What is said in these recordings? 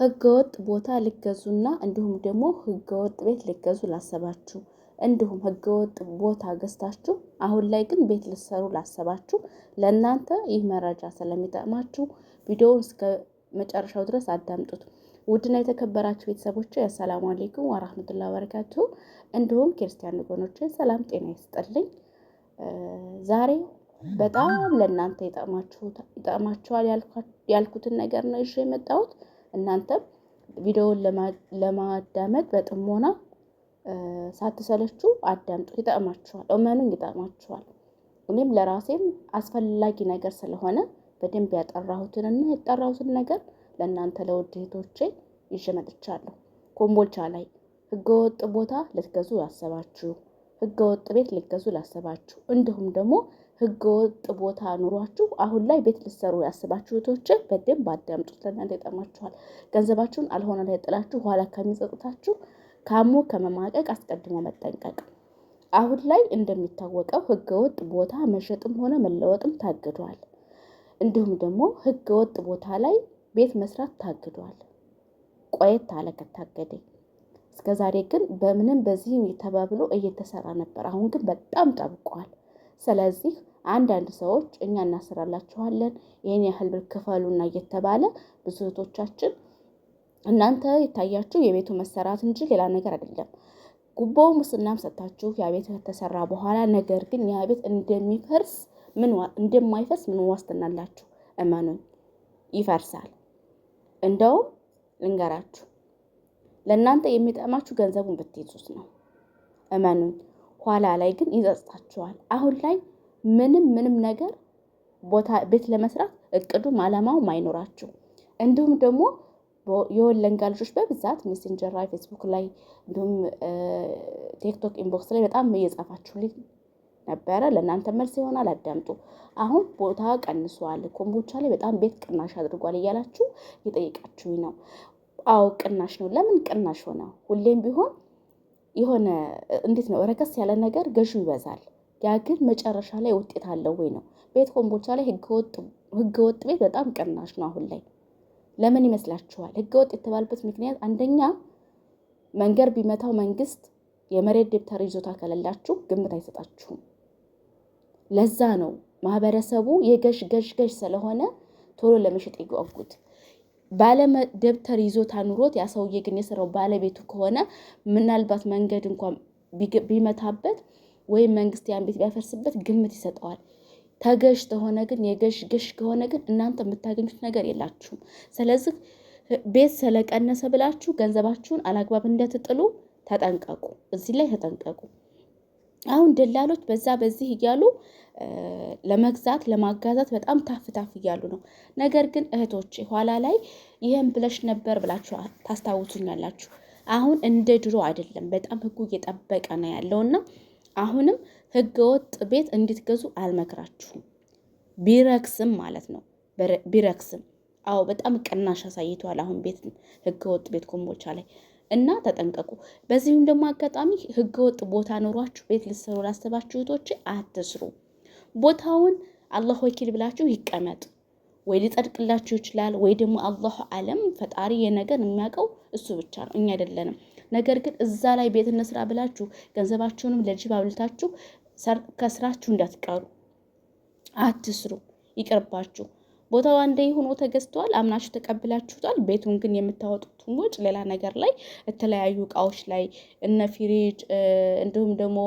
ህገወጥ ቦታ ልገዙና እንዲሁም ደግሞ ህገወጥ ቤት ልገዙ ላሰባችሁ እንዲሁም ህገወጥ ቦታ ገዝታችሁ አሁን ላይ ግን ቤት ልሰሩ ላሰባችሁ ለእናንተ ይህ መረጃ ስለሚጠቅማችሁ ቪዲዮውን እስከ መጨረሻው ድረስ አዳምጡት። ውድና የተከበራችሁ ቤተሰቦች አሰላሙ አሌይኩም ወራህመቱላ ወበረካቱ። እንዲሁም ክርስቲያን ወገኖችን ሰላም ጤና ይስጥልኝ። ዛሬ በጣም ለእናንተ ይጠቅማችኋል ያልኩትን ነገር ነው ይዤ የመጣሁት። እናንተም ቪዲዮውን ለማዳመጥ በጥሞና ሳትሰለቹ አዳምጡ። ይጠቅማችኋል፣ እመኑኝ ይጠቅማችኋል። እኔም ለራሴም አስፈላጊ ነገር ስለሆነ በደንብ ያጠራሁትንና የጠራሁትን ነገር ለእናንተ ለውድ እህቶቼ ይዤ መጥቻለሁ። ኮምቦልቻ ላይ ህገወጥ ቦታ ልትገዙ ላሰባችሁ፣ ህገወጥ ቤት ልትገዙ ላሰባችሁ እንዲሁም ደግሞ ህገወጥ ቦታ ኑሯችሁ አሁን ላይ ቤት ልትሰሩ ያስባችሁ እህቶች በደንብ አዳምጡት። ለእናንተ ይጠቅማችኋል። ገንዘባችሁን አልሆነ ላይ ጥላችሁ ኋላ ከሚጸጥታችሁ ካሞ ከመማቀቅ አስቀድሞ መጠንቀቅ። አሁን ላይ እንደሚታወቀው ህገወጥ ቦታ መሸጥም ሆነ መለወጥም ታግዷል። እንዲሁም ደግሞ ህገወጥ ቦታ ላይ ቤት መስራት ታግዷል። ቆየት አለ ከታገደ። እስከ ዛሬ ግን በምንም በዚህም ተባብሎ እየተሰራ ነበር። አሁን ግን በጣም ጠብቋል። ስለዚህ አንዳንድ ሰዎች እኛ እናሰራላችኋለን ይሄን ያህል ብር ክፈሉና እየተባለ ብዙ እህቶቻችን እናንተ የታያችሁ የቤቱ መሰራት እንጂ ሌላ ነገር አይደለም። ጉቦው ሙስናም ሰጥታችሁ ያ ቤት ከተሰራ በኋላ ነገር ግን ያ ቤት እንደሚፈርስ ምን እንደማይፈርስ ምን ዋስትናላችሁ? አላችሁ? እመኑኝ ይፈርሳል። እንደውም ልንገራችሁ፣ ለእናንተ የሚጠማችሁ ገንዘቡን ብትይዙት ነው። እመኑኝ ኋላ ላይ ግን ይጸጽታችኋል። አሁን ላይ ምንም ምንም ነገር ቦታ ቤት ለመስራት እቅዱም አላማውም አይኖራችሁ። እንዲሁም ደግሞ የወለንጋ ልጆች በብዛት ሜሴንጀር ላይ ፌስቡክ ላይ እንዲሁም ቲክቶክ ኢንቦክስ ላይ በጣም እየጻፋችሁልኝ ነበረ። ለእናንተ መልስ ይሆናል፣ አዳምጡ። አሁን ቦታ ቀንሷል፣ ኮምቦቻ ላይ በጣም ቤት ቅናሽ አድርጓል እያላችሁ እየጠየቃችሁኝ ነው። አዎ ቅናሽ ነው። ለምን ቅናሽ ሆነ? ሁሌም ቢሆን የሆነ እንዴት ነው ረከስ ያለ ነገር ገዢው ይበዛል። ያ ግን መጨረሻ ላይ ውጤት አለው ወይ ነው። ቤት ኮምቦልቻ ላይ ህገወጥ ቤት በጣም ቅናሽ ነው አሁን ላይ። ለምን ይመስላችኋል? ህገወጥ የተባለበት ምክንያት አንደኛ መንገድ ቢመታው መንግስት የመሬት ደብተር ይዞታ ከሌላችሁ ግምት አይሰጣችሁም። ለዛ ነው ማህበረሰቡ የገሽ ገሽ ገሽ ስለሆነ ቶሎ ለመሸጥ ይጓጉት። ባለደብተር ይዞታ ኑሮት ያ ሰውዬ ግን የስራው ባለቤቱ ከሆነ ምናልባት መንገድ እንኳን ቢመታበት ወይም መንግስት ያን ቤት ቢያፈርስበት ግምት ይሰጠዋል። ተገዥ ተሆነ ግን የገዥ ገዥ ከሆነ ግን እናንተ የምታገኙት ነገር የላችሁም። ስለዚህ ቤት ስለቀነሰ ብላችሁ ገንዘባችሁን አላግባብ እንደትጥሉ ተጠንቀቁ። እዚህ ላይ ተጠንቀቁ። አሁን ደላሎች በዛ በዚህ እያሉ ለመግዛት ለማጋዛት በጣም ታፍ ታፍ እያሉ ነው። ነገር ግን እህቶች ኋላ ላይ ይህን ብለሽ ነበር ብላችሁ ታስታውሱኛላችሁ። አሁን እንደ ድሮ አይደለም። በጣም ህጉ እየጠበቀ ነው ያለውና አሁንም ህገወጥ ቤት እንድትገዙ አልመክራችሁም። ቢረክስም ማለት ነው ቢረክስም አዎ በጣም ቅናሽ አሳይቷል። አሁን ቤት ህገወጥ ቤት ኮምቦልቻ ላይ እና ተጠንቀቁ። በዚህም ደግሞ አጋጣሚ ህገወጥ ቦታ ኖሯችሁ ቤት ልትሰሩ ላሰባችሁ እህቶች አትስሩ። ቦታውን አላህ ወኪል ብላችሁ ይቀመጥ። ወይ ሊጸድቅላችሁ ይችላል፣ ወይ ደግሞ አላሁ አለም ፈጣሪ የነገር የሚያውቀው እሱ ብቻ ነው፣ እኛ አይደለንም። ነገር ግን እዛ ላይ ቤት እንስራ ብላችሁ ገንዘባችሁንም ለጅብ አብልታችሁ ከስራችሁ እንዳትቀሩ አትስሩ። ይቅርባችሁ። ቦታው አንዴ ሆኖ ተገዝተዋል፣ አምናችሁ ተቀብላችሁታል። ቤቱን ግን የምታወጡትን ወጭ ሌላ ነገር ላይ የተለያዩ እቃዎች ላይ እነ ፍሪጅ እንዲሁም ደግሞ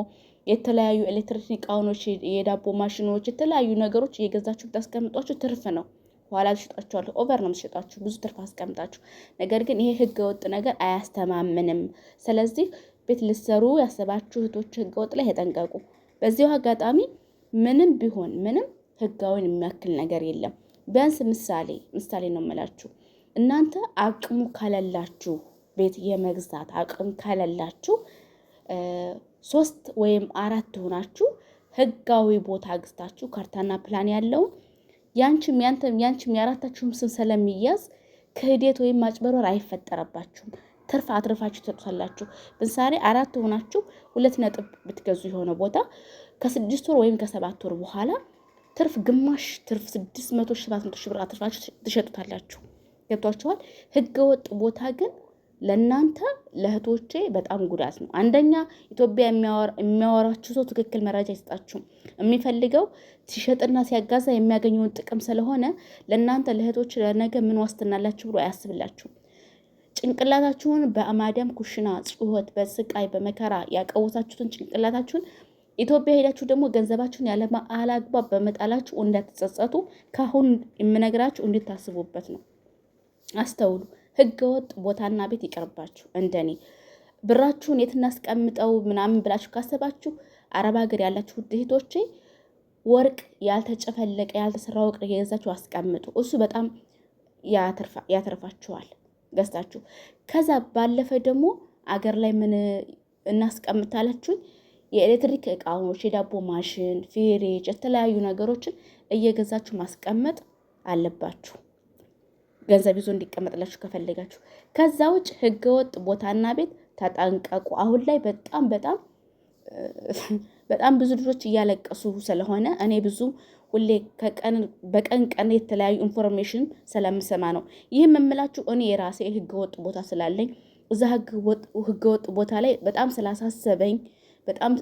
የተለያዩ ኤሌክትሪክ እቃዎች፣ የዳቦ ማሽኖች፣ የተለያዩ ነገሮች እየገዛችሁ ብታስቀምጧቸው ትርፍ ነው። ኋላ ትሸጣችኋለሁ። ኦቨር ነው የምትሸጣችሁ ብዙ ትርፍ አስቀምጣችሁ። ነገር ግን ይሄ ህገ ወጥ ነገር አያስተማምንም። ስለዚህ ቤት ልትሰሩ ያሰባችሁ እህቶች ህገ ወጥ ላይ ተጠንቀቁ። በዚሁ አጋጣሚ ምንም ቢሆን ምንም ህጋዊን የሚያክል ነገር የለም። ቢያንስ ምሳሌ ምሳሌ ነው የምላችሁ እናንተ አቅሙ ከሌላችሁ ቤት የመግዛት አቅም ከሌላችሁ ሶስት ወይም አራት ሆናችሁ ህጋዊ ቦታ ግዝታችሁ ካርታና ፕላን ያለውን ያንቺም ያንተም ያንቺም የአራታችሁም ስም ስለሚያዝ ክህደት ወይም ማጭበርበር አይፈጠረባችሁም። ትርፍ አትርፋችሁ ትጠጡታላችሁ። ምሳሌ አራት ሆናችሁ ሁለት ነጥብ ብትገዙ የሆነ ቦታ ከስድስት ወር ወይም ከሰባት ወር በኋላ ትርፍ ግማሽ ትርፍ ስድስት መቶ ሺህ ሰባት መቶ ሺህ ብር አትርፋችሁ ትሸጡታላችሁ። ገብቷችኋል? ወጥ ቦታ ግን ለእናንተ ለእህቶቼ በጣም ጉዳት ነው። አንደኛ ኢትዮጵያ የሚያወራችሁ ሰው ትክክል መረጃ አይሰጣችሁም። የሚፈልገው ሲሸጥና ሲያጋዛ የሚያገኘውን ጥቅም ስለሆነ ለእናንተ ለእህቶች ለነገ ምን ዋስትና ብሎ አያስብላችሁም። ጭንቅላታችሁን በአማዲያም ኩሽና ጽሁት በስቃይ በመከራ ያቀወሳችሁትን ጭንቅላታችሁን ኢትዮጵያ ሄዳችሁ ደግሞ ገንዘባችሁን ያለአግባብ በመጣላችሁ እንዳትጸጸቱ ከአሁን የምነግራችሁ እንድታስቡበት ነው። አስተውሉ። ህገወጥ ቦታና ቤት ይቀርባችሁ። እንደኔ ብራችሁን የት እናስቀምጠው ምናምን ብላችሁ ካሰባችሁ አረብ ሀገር ያላችሁ ውድ ወርቅ ያልተጨፈለቀ ያልተሰራ ወርቅ የገዛችሁ አስቀምጡ። እሱ በጣም ያተርፋችኋል ገዝታችሁ። ከዛ ባለፈ ደግሞ አገር ላይ ምን እናስቀምጣላችሁኝ የኤሌክትሪክ እቃዎች፣ የዳቦ ማሽን፣ ፌሬጅ የተለያዩ ነገሮችን እየገዛችሁ ማስቀመጥ አለባችሁ። ገንዘብ ይዞ እንዲቀመጥላችሁ ከፈለጋችሁ። ከዛ ውጭ ህገወጥ ቦታና ቤት ተጠንቀቁ። አሁን ላይ በጣም በጣም በጣም ብዙ ልጆች እያለቀሱ ስለሆነ እኔ ብዙ ሁሌ ከቀን በቀን ቀን የተለያዩ ኢንፎርሜሽን ስለምሰማ ነው። ይህም የምላችሁ እኔ የራሴ ህገወጥ ቦታ ስላለኝ እዛ ህገወጥ ቦታ ላይ በጣም ስላሳሰበኝ በጣም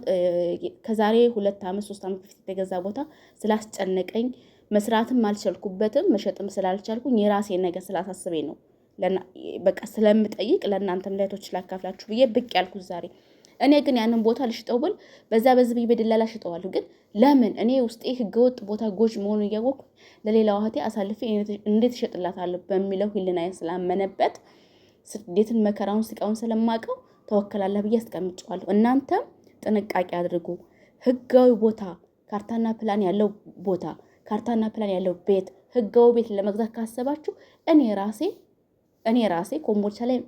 ከዛሬ ሁለት ዓመት ሶስት ዓመት በፊት የተገዛ ቦታ ስላስጨነቀኝ መስራትም አልቻልኩበትም መሸጥም ስላልቻልኩኝ የራሴ ነገር ስላሳስበኝ ነው። በቃ ስለምጠይቅ ለእናንተ ለእህቶች ላካፍላችሁ ብዬ ብቅ ያልኩት ዛሬ። እኔ ግን ያንን ቦታ ልሽጠው ብል በዛ በዚህ ብዬ በደላላ ሽጠዋለሁ። ግን ለምን እኔ ውስጤ ህገወጥ ቦታ ጎጅ መሆኑ እያወቅኩ ለሌላዋ እህቴ አሳልፌ እንዴት እሸጥላታለሁ በሚለው ህሊናዬ ስላመነበት ስደትን፣ መከራውን፣ ስቃውን ስለማቀው ተወከላለህ ብዬ አስቀምጨዋለሁ። እናንተም ጥንቃቄ አድርጉ። ህጋዊ ቦታ ካርታና ፕላን ያለው ቦታ ካርታና ፕላን ያለው ቤት ህጋዊ ቤት ለመግዛት ካሰባችሁ እኔ ራሴ እኔ ራሴ ኮምቦልቻ ላይ